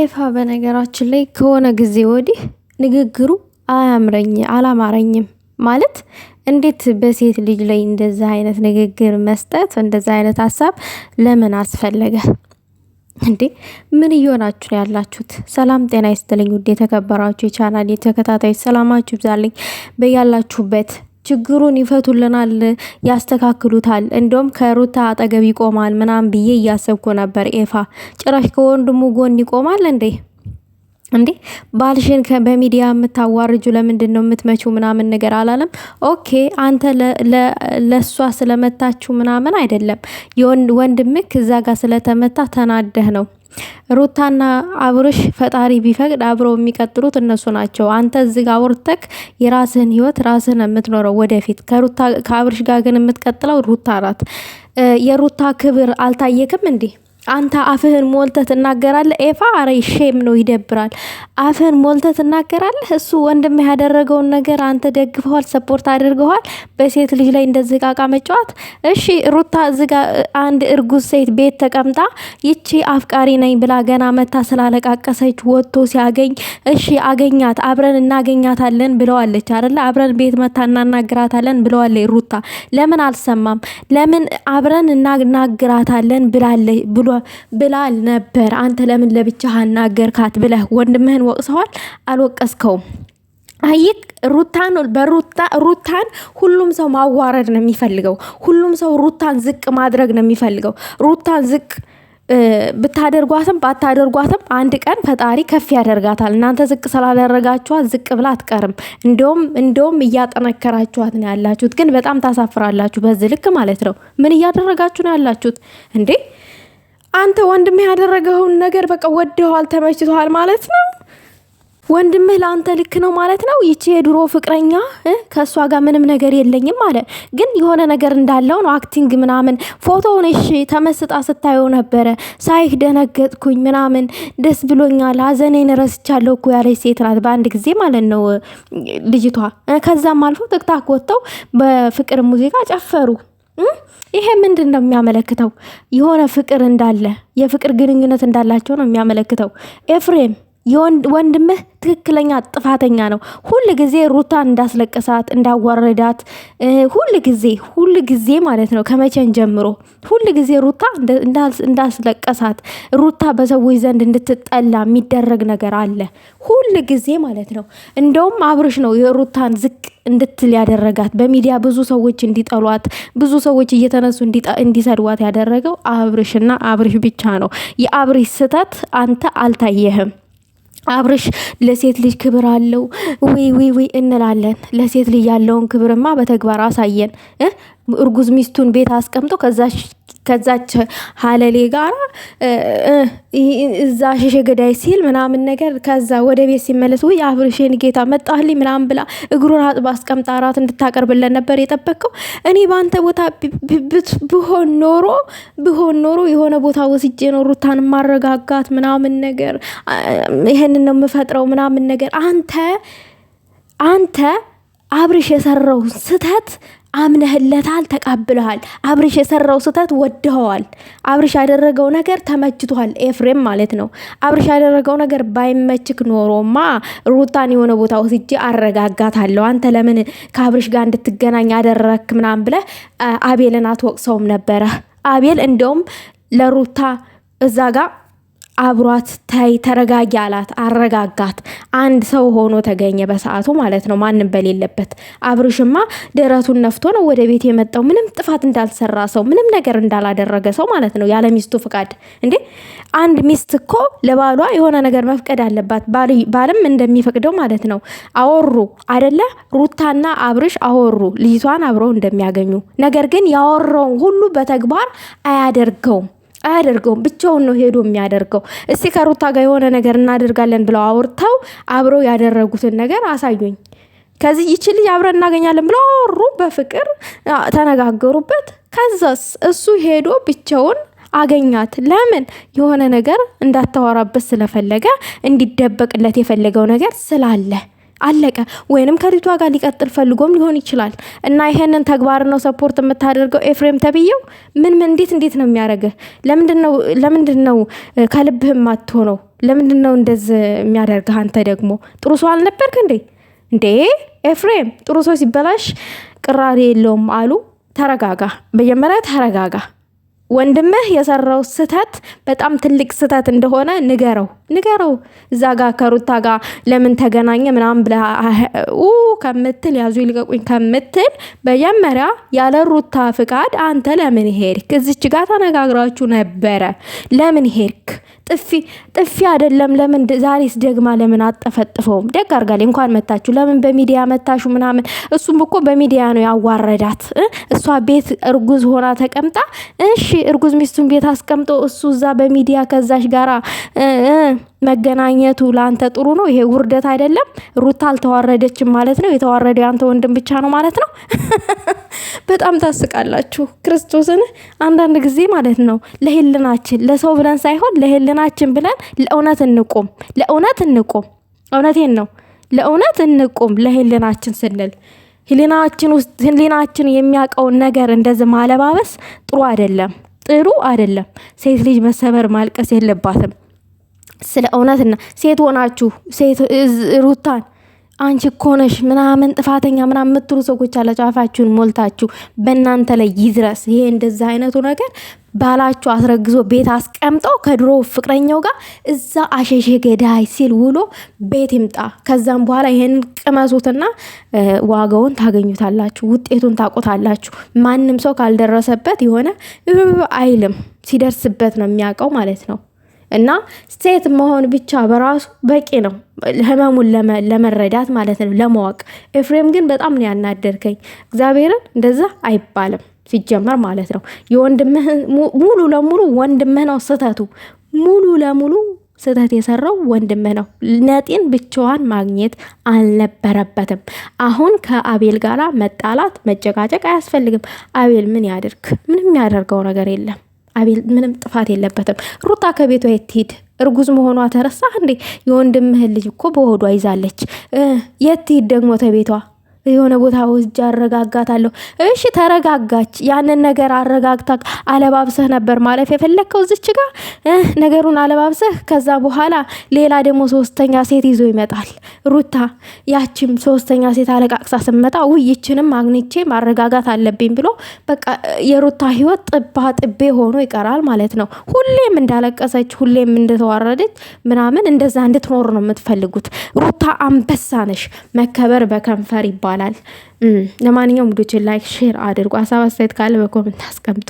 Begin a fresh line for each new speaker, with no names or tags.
ኤፋ በነገራችን ላይ ከሆነ ጊዜ ወዲህ ንግግሩ አያምረኝ አላማረኝም። ማለት እንዴት በሴት ልጅ ላይ እንደዚህ አይነት ንግግር መስጠት፣ እንደዚህ አይነት ሀሳብ ለምን አስፈለገ? እንዴ ምን እየሆናችሁ ነው ያላችሁት? ሰላም ጤና ይስጥልኝ ውድ የተከበራችሁ የቻናል የተከታታዮች ሰላማችሁ ይብዛልኝ በያላችሁበት ችግሩን ይፈቱልናል፣ ያስተካክሉታል፣ እንደውም ከሩታ አጠገብ ይቆማል ምናምን ብዬ እያሰብኩ ነበር። ኤፋ ጭራሽ ከወንድሙ ጎን ይቆማል እንዴ! እንዴ ባልሽን በሚዲያ የምታዋርጁ ለምንድን ነው የምትመችው? ምናምን ነገር አላለም። ኦኬ አንተ ለእሷ ስለመታችሁ ምናምን አይደለም፣ ወንድምክ እዛ ጋር ስለተመታ ተናደህ ነው። ሩታና አብርሽ ፈጣሪ ቢፈቅድ አብረው የሚቀጥሉት እነሱ ናቸው። አንተ እዚህ ጋር ወርተክ የራስህን ህይወት ራስህን የምትኖረው ወደፊት። ከአብርሽ ጋር ግን የምትቀጥለው ሩታ ናት። የሩታ ክብር አልታየክም እንዲህ አንተ አፍህን ሞልተህ ትናገራለህ። ኤፋ አረ ሼም ነው ይደብራል። አፍህን ሞልተህ ትናገራለህ። እሱ ወንድም ያደረገውን ነገር አንተ ደግፈዋል፣ ሰፖርት አድርገዋል። በሴት ልጅ ላይ እንደዚህ ቃቃ መጫወት። እሺ ሩታ እዚጋ አንድ እርጉዝ ሴት ቤት ተቀምጣ ይቺ አፍቃሪ ነኝ ብላ ገና መታ ስላለቃቀሰች ወጥቶ ሲያገኝ እሺ አገኛት፣ አብረን እናገኛታለን ብለዋለች አደለ? አብረን ቤት መታ እናናግራታለን ብለዋለች ሩታ። ለምን አልሰማም? ለምን አብረን እናናግራታለን ብላለች ብሎ ብላል ነበር። አንተ ለምን ለብቻህ አናገርካት ብለህ ወንድምህን ወቅሰዋል። አልወቀስከውም። አይክ ሩታን በሩታ ሩታን ሁሉም ሰው ማዋረድ ነው የሚፈልገው። ሁሉም ሰው ሩታን ዝቅ ማድረግ ነው የሚፈልገው። ሩታን ዝቅ ብታደርጓትም ባታደርጓትም አንድ ቀን ፈጣሪ ከፍ ያደርጋታል። እናንተ ዝቅ ስላደረጋችኋት ዝቅ ብላ አትቀርም። እንደውም እንደውም እያጠነከራችኋት ነው ያላችሁት። ግን በጣም ታሳፍራላችሁ። በዚህ ልክ ማለት ነው። ምን እያደረጋችሁ ነው ያላችሁት እንዴ? አንተ ወንድምህ ያደረገውን ነገር በቃ ወደኋል፣ ተመችቶሃል ማለት ነው። ወንድምህ ለአንተ ልክ ነው ማለት ነው። ይቺ የድሮ ፍቅረኛ ከእሷ ጋር ምንም ነገር የለኝም አለ፣ ግን የሆነ ነገር እንዳለው ነው። አክቲንግ ምናምን ፎቶውን እሺ፣ ተመስጣ ስታየው ነበረ። ሳይህ ደነገጥኩኝ ምናምን ደስ ብሎኛል፣ ሀዘኔን ረስቻለሁ እኮ ያለች ሴት ናት፣ በአንድ ጊዜ ማለት ነው ልጅቷ። ከዛም አልፎ ትክታክ ወጥተው በፍቅር ሙዚቃ ጨፈሩ። ይሄ ምንድን ነው የሚያመለክተው? የሆነ ፍቅር እንዳለ የፍቅር ግንኙነት እንዳላቸው ነው የሚያመለክተው ኤፍሬም ወንድምህ ትክክለኛ ጥፋተኛ ነው። ሁል ጊዜ ሩታን እንዳስለቀሳት እንዳዋረዳት፣ ሁል ጊዜ ሁል ጊዜ ማለት ነው። ከመቼን ጀምሮ ሁል ጊዜ ሩታ እንዳስለቀሳት፣ ሩታ በሰዎች ዘንድ እንድትጠላ የሚደረግ ነገር አለ ሁል ጊዜ ማለት ነው። እንደውም አብርሽ ነው የሩታን ዝቅ እንድትል ያደረጋት በሚዲያ ብዙ ሰዎች እንዲጠሏት፣ ብዙ ሰዎች እየተነሱ እንዲሰድዋት ያደረገው አብርሽና አብርሽ ብቻ ነው። የአብርሽ ስህተት አንተ አልታየህም። አብርሽ ለሴት ልጅ ክብር አለው ወይ ወይ ወይ እንላለን። ለሴት ልጅ ያለውን ክብርማ በተግባር አሳየን። እርጉዝ ሚስቱን ቤት አስቀምጦ ከዛ ከዛች ሀለሌ ጋር እዛ ሸሸ ገዳይ ሲል ምናምን ነገር ከዛ ወደ ቤት ሲመለስ ወይ አብርሽን ጌታ መጣህልኝ ምናምን ብላ እግሩን አጥባ አስቀምጣ እራት እንድታቀርብለን ነበር የጠበቀው። እኔ በአንተ ቦታ ብሆን ኖሮ ብሆን ኖሮ የሆነ ቦታ ወስጄ ነው ሩታን ማረጋጋት ምናምን ነገር ይሄንን ነው የምፈጥረው ምናምን ነገር አንተ አንተ አብርሽ የሰራው ስህተት አምነህለታል፣ ተቀብለሃል። አብርሽ የሰራው ስህተት ወድኸዋል። አብርሽ ያደረገው ነገር ተመችቷል። ኤፍሬም ማለት ነው። አብርሽ ያደረገው ነገር ባይመችክ ኖሮማ ሩታን የሆነ ቦታ ወስጄ አረጋጋታለሁ። አንተ ለምን ከአብርሽ ጋር እንድትገናኝ አደረክ ምናምን ብለህ አቤልን አትወቅሰውም ነበረ። አቤል እንደውም ለሩታ እዛ ጋር አብሯት ታይ ተረጋጊ አላት፣ አረጋጋት። አንድ ሰው ሆኖ ተገኘ በሰዓቱ ማለት ነው፣ ማንም በሌለበት። አብርሽማ ደረቱን ነፍቶ ነው ወደ ቤት የመጣው፣ ምንም ጥፋት እንዳልሰራ ሰው፣ ምንም ነገር እንዳላደረገ ሰው ማለት ነው፣ ያለ ሚስቱ ፍቃድ። እንዴ አንድ ሚስት እኮ ለባሏ የሆነ ነገር መፍቀድ አለባት፣ ባልም እንደሚፈቅደው ማለት ነው። አወሩ አደለ? ሩታና አብርሽ አወሩ፣ ልጅቷን አብረው እንደሚያገኙ ነገር ግን ያወራውን ሁሉ በተግባር አያደርገውም። አያደርገውም። ብቻውን ነው ሄዶ የሚያደርገው። እስቲ ከሩታ ጋር የሆነ ነገር እናደርጋለን ብለው አውርተው አብረው ያደረጉትን ነገር አሳዩኝ። ከዚህ ይቺ ልጅ አብረን እናገኛለን ብለው አወሩ፣ በፍቅር ተነጋገሩበት። ከዛስ እሱ ሄዶ ብቻውን አገኛት። ለምን የሆነ ነገር እንዳታወራበት ስለፈለገ እንዲደበቅለት የፈለገው ነገር ስላለ አለቀ። ወይንም ከሪቷ ጋር ሊቀጥል ፈልጎም ሊሆን ይችላል እና ይሄንን ተግባር ነው ሰፖርት የምታደርገው ኤፍሬም ተብዬው ምን ምን እንዴት እንዴት ነው የሚያደርግህ? ለምንድን ነው ከልብህም አትሆነው? ለምንድን ነው እንደዚህ የሚያደርግህ? አንተ ደግሞ ጥሩ ሰው አልነበርክ እንዴ? እንዴ ኤፍሬም ጥሩ ሰው ሲበላሽ ቅራሪ የለውም አሉ። ተረጋጋ፣ መጀመሪያ ተረጋጋ። ወንድምህ የሰራው ስህተት በጣም ትልቅ ስህተት እንደሆነ ንገረው ንገረው። እዛ ጋ ከሩታ ጋ ለምን ተገናኘ ምናምን ብለህ ከምትል ያዙ ይልቀቁኝ ከምትል መጀመሪያ ያለ ሩታ ፍቃድ አንተ ለምን ሄድክ? እዚች ጋር ተነጋግራችሁ ነበረ። ለምን ሄድክ? ጥፊ ጥፊ አይደለም። ለምን ዛሬስ ደግማ ለምን አጠፈጥፈውም? ደግ አርጋል እንኳን መታችሁ። ለምን በሚዲያ መታሹ ምናምን። እሱም እኮ በሚዲያ ነው ያዋረዳት። እሷ ቤት እርጉዝ ሆና ተቀምጣ፣ እሺ እርጉዝ ሚስቱን ቤት አስቀምጦ እሱ እዛ በሚዲያ ከዛሽ ጋራ መገናኘቱ ለአንተ ጥሩ ነው። ይሄ ውርደት አይደለም። ሩታ አልተዋረደችም ማለት ነው። የተዋረደው አንተ ወንድም ብቻ ነው ማለት ነው። በጣም ታስቃላችሁ። ክርስቶስን አንዳንድ ጊዜ ማለት ነው ለህልናችን ለሰው ብለን ሳይሆን ለህልናችን ብለን ለእውነት እንቁም፣ ለእውነት እንቁም። እውነቴን ነው። ለእውነት እንቁም ለህልናችን ስንል ህሊናችን ውስጥ ህሊናችን የሚያውቀውን ነገር እንደዚህ ማለባበስ ጥሩ አይደለም፣ ጥሩ አይደለም። ሴት ልጅ መሰበር ማልቀስ የለባትም። ስለ እውነትና ሴት ሆናችሁ ሴት ሩታን አንቺ እኮ ነሽ ምናምን ጥፋተኛ ምናምን የምትሉ ሰዎች አላችሁ። አፋችሁን ሞልታችሁ በእናንተ ላይ ይድረስ ይሄ እንደዛ አይነቱ ነገር። ባላችሁ አስረግዞ ቤት አስቀምጠው ከድሮ ፍቅረኛው ጋር እዛ አሸሼ ገዳይ ሲል ውሎ ቤት ይምጣ። ከዛም በኋላ ይህን ቅመሱትና ዋጋውን ታገኙታላችሁ፣ ውጤቱን ታቆታላችሁ። ማንም ሰው ካልደረሰበት የሆነ አይልም፣ ሲደርስበት ነው የሚያውቀው ማለት ነው። እና ሴት መሆን ብቻ በራሱ በቂ ነው ህመሙን ለመረዳት ማለት ነው ለማወቅ። ኤፍሬም ግን በጣም ነው ያናደርከኝ። እግዚአብሔርን እንደዛ አይባልም ሲጀመር ማለት ነው። የወንድምህ ሙሉ ለሙሉ ወንድምህ ነው ስህተቱ ሙሉ ለሙሉ ስህተት የሰራው ወንድምህ ነው። ነጤን ብቻዋን ማግኘት አልነበረበትም። አሁን ከአቤል ጋራ መጣላት መጨቃጨቅ አያስፈልግም። አቤል ምን ያድርግ? ምንም ያደርገው ነገር የለም። አቤል ምንም ጥፋት የለበትም። ሩታ ከቤቷ የትሄድ እርጉዝ መሆኗ ተረሳ እንዴ? የወንድምህን ልጅ እኮ በሆዷ ይዛለች። የትሄድ ደግሞ ተቤቷ የሆነ ቦታ ወስጃ አረጋጋታለሁ። እሺ ተረጋጋች። ያንን ነገር አረጋግታ አለባብሰህ ነበር ማለፍ የፈለግከው እዚች ጋ ነገሩን አለባብሰህ፣ ከዛ በኋላ ሌላ ደግሞ ሶስተኛ ሴት ይዞ ይመጣል። ሩታ ያችም ሶስተኛ ሴት አለቃቅሳ ስመጣ ውይችንም ይችንም አግኝቼ ማረጋጋት አለብኝ ብሎ በቃ የሩታ ህይወት ጥባ ጥቤ ሆኖ ይቀራል ማለት ነው። ሁሌም እንዳለቀሰች፣ ሁሌም እንደተዋረደች ምናምን እንደዛ እንድትኖር ነው የምትፈልጉት። ሩታ አንበሳ ነሽ። መከበር በከንፈር ይባላል። ይባላል። ለማንኛውም ዱችን ላይክ፣ ሼር አድርጉ። ሀሳብ አስተያየት ካለ በኮመንት አስቀምጡ።